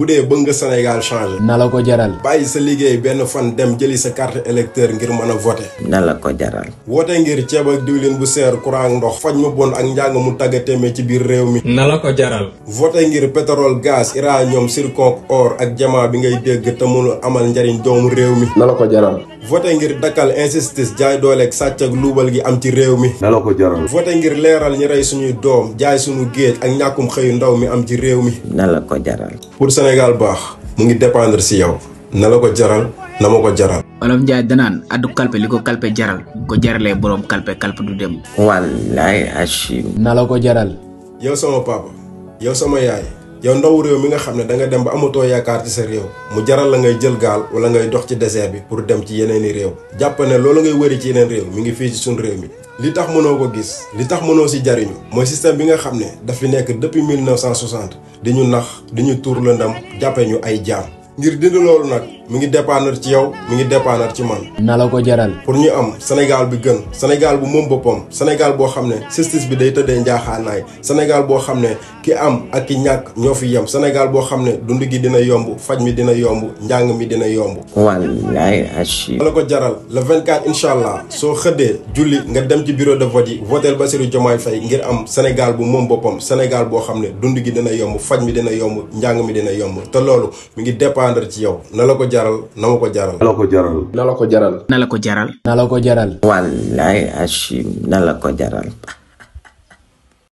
bu dee bëgg nga Sénégal changé. na la ko jaral. bàyyi sa liggéey benn fan dem jëli sa carte électeur ngir mën a voté. na la ko jaral. woote ngir ceebal ak diwlin bu seer courant ndox. faj ma bon ak njàng mu tàgga téeme ci biir réew mi. na la ko jaral. vote ngir pétrole gaz uranium zircon or ak jamaa bi ngay dégg te mënul amal njariñ doomu réew mi. na la ko jaral. voté ngir dakkal injustice jaay dooleeg sàcc ak luubal gi am ci réew mi. na ko jaral. voté ngir leeral ñu rey suñuy doom jaay suñu géej ak ñàkkum xëyu ndaw mi am ci réew mi. na la ko jaral. pour Sénégal baax mu ngi dépendre si yow na la ko jaral na ma ko jaral. Olof Njaay danaan addu kalpe li ko kalpe jaral ko jaralee boroom kalpe kalpe du dem. wallaay achim. na la ko jaral. yow sama papa yow sama yaay. yow ndaw réew mi nga xam ne da nga dem ba amatoo yaakaar ci sa réew mu jaral la ngay jël gaal wala ngay dox ci désert bi pour dem ci yeneeni réew jàpp ne loolu ngay wëri ci yeneen réew mi ngi fii ci suñ réew mi li tax mënoo ko gis li tax mënoo si jariñu mooy système bi nga xam ne daf nekk depuis 1960 di ñu nax di ñu tuur lëndam jàppee ñu ay jaam ngir dindi loolu nag mi ngi dépendre ci yow mu ngi dépendre ci man. na la ko jaral. pour ñu am Sénégal bi gën Sénégal bu moom boppam Sénégal boo xam ne justice bi day tëddee njaaxaanaay Sénégal boo xam ne ki am ak ki ñàkk ñoo fi yem Sénégal boo xam ne dund gi dina yomb faj mi dina yomb njàng mi dina yomb. wallaay achi. la ko jaral le 24 incha allah soo xëddee julli nga dem ci bureau de vote yi votel Bassirou Diomaye Faye ngir am Sénégal bu moom boppam Sénégal boo xam ne dund gi dina yomb faj mi dina yomb njàng mi dina yomb te loolu mi ngi dépendre ci yow na la ko jaral jaral na ma ko jaral. na ko jaral. na la ko jaral. na la ko jaral. na la ko la ko jaral.